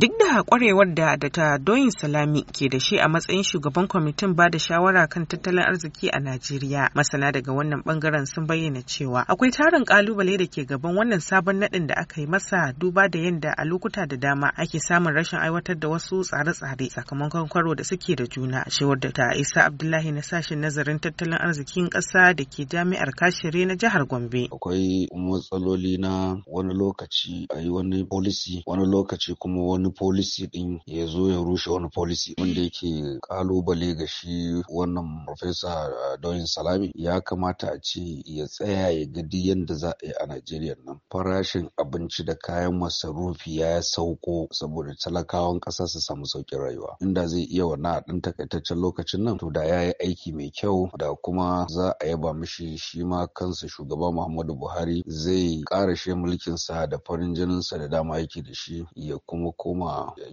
duk da kwarewar da ta doyin salami ke da shi a matsayin shugaban kwamitin ba da shawara kan tattalin arziki a najeriya masana daga wannan bangaren sun bayyana cewa akwai tarin kalubale da ke gaban wannan sabon nadin da aka yi masa duba da yadda a lokuta da dama ake samun rashin aiwatar da wasu tsare-tsare sakamakon kwaro da suke da juna a da ta, isa abdullahi na sashen nazarin tattalin arzikin ƙasa da ke jami'ar kashire na jihar gombe akwai matsaloli na wani lokaci a yi wani policy wani lokaci kuma wani wani policy din ya zo ya rushe wani policy wanda yake kalubale ga shi wannan profesa doyin salami ya kamata a ce ya tsaya ya ga yadda za a yi a najeriya nan farashin abinci da kayan masarufi ya sauko saboda talakawan ƙasa su samu sauƙin rayuwa inda zai iya wannan a ɗan takaitaccen lokacin nan to da ya yi aiki mai kyau da kuma za a yaba mishi shi ma kansa shugaba muhammadu buhari zai ƙara mulkin sa da farin jininsa da dama yake da shi ya kuma koma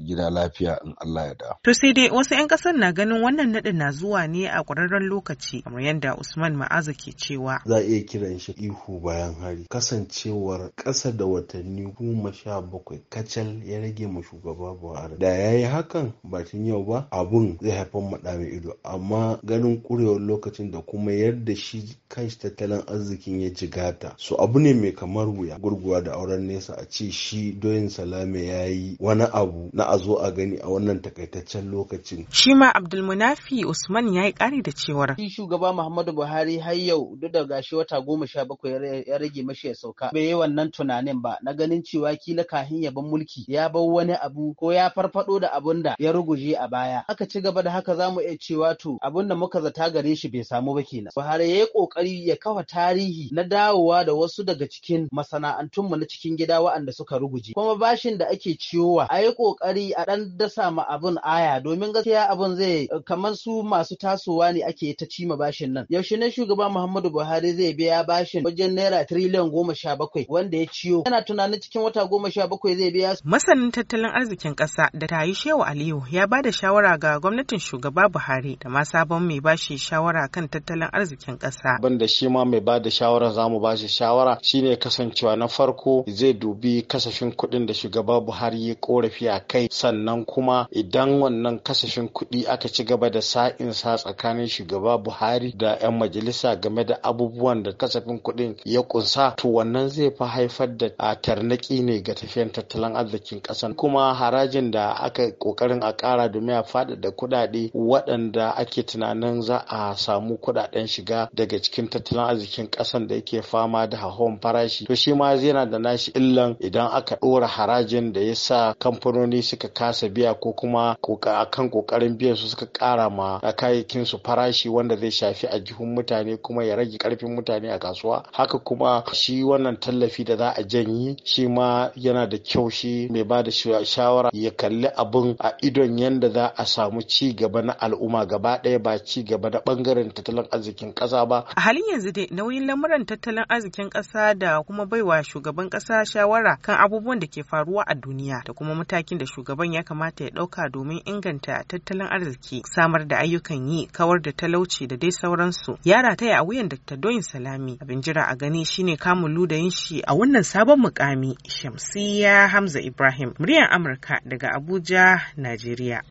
gida lafiya in Allah ya da. To sai dai wasu 'yan ƙasar na ganin wannan naɗin na zuwa ne a ƙwararren lokaci kamar yadda Usman Ma'aza ke cewa. Za a iya kiran shi ihu bayan hari kasancewar ƙasa da watanni goma sha bakwai kacal ya rage ma shugaba Buhari. Da ya yi hakan ba tun yau ba abun zai haifar maɗa mai ido amma ganin ƙurewar lokacin da kuma yadda shi kanshi tattalin arzikin ya jigata. su abu ne mai kamar wuya gurguwa da auren nesa a ce shi doyin salame ya yi wani abu na a zo a gani a wannan takaitaccen lokacin. Shi ma Abdulmunafi Usman ya yi ƙari da cewar. Shi shugaba Muhammadu Buhari har yau duk da gashi wata goma sha bakwai ya rage mashi ya sauka. Bai yi wannan tunanin ba na ganin cewa kila kahin ya ban mulki ya bar wani abu ko ya farfaɗo da abun da ya ruguje a baya. Aka ci gaba da haka za mu iya cewa to abun da muka zata gare shi bai samu ba kenan. Buhari ya yi ƙoƙari ya kafa tarihi na dawowa da wasu daga cikin masana'antunmu na cikin gida waɗanda suka ruguje. Kuma bashin da ake ciyowa ai yi kokari a dan dasa ma abun aya domin gaskiya abun zai kamar su masu tasowa ne ake ta cima bashin nan yaushe ne shugaba Muhammadu Buhari zai biya bashin wajen naira tiriliyan goma sha bakwai wanda ya ciyo yana tunanin cikin wata goma sha bakwai zai biya Masanin tattalin arzikin ƙasa da tayi shewa Aliyu ya ba da shawara ga gwamnatin shugaba Buhari da ma sabon mai bashi shawara kan tattalin arzikin ƙasa. banda shi ma mai ba da shawara za mu bashi shawara shine kasancewa na farko zai dubi kasafin kuɗin da shugaba Buhari ya korafi tafiya kai sannan kuma idan wannan kasafin kuɗi aka ci gaba da sa'in sa tsakanin shugaba buhari da 'yan majalisa game da abubuwan da kasafin kuɗin ya kunsa to wannan zai fi haifar da a tarnaki ne ga tafiyan tattalin arzikin ƙasar kuma harajin da aka ƙoƙarin a ƙara domin a faɗaɗa kuɗaɗe waɗanda ake tunanin za a samu kuɗaɗen shiga daga cikin tattalin arzikin ƙasar da yake fama da hahon farashi to shi ma yana da nashi illan idan aka ɗora harajin da ya sa kan kamfanoni suka kasa biya ko kuma akan kokarin biyan su suka kara ma kayayyakin su farashi wanda zai shafi a jihun mutane kuma ya rage karfin mutane a kasuwa haka kuma shi wannan tallafi da za a janyi shi ma yana da kyau shi mai ba da shawara ya kalli abun a idon yanda za a samu ci gaba na al'umma gaba ɗaya ba ci gaba na ɓangaren tattalin arzikin ƙasa ba a halin yanzu dai nauyin lamuran tattalin arzikin ƙasa da kuma baiwa shugaban ƙasa shawara kan abubuwan da ke faruwa a duniya da kuma matakin da shugaban ya kamata ya ɗauka domin inganta tattalin arziki samar da ayyukan yi kawar da talauci da dai sauransu ya rataya a wuyan Dr. Doyin Salami abin jira a gani shine kamun ludayin shi a wannan sabon mukami Shamsiya Hamza Ibrahim muryar Amurka daga Abuja Najeriya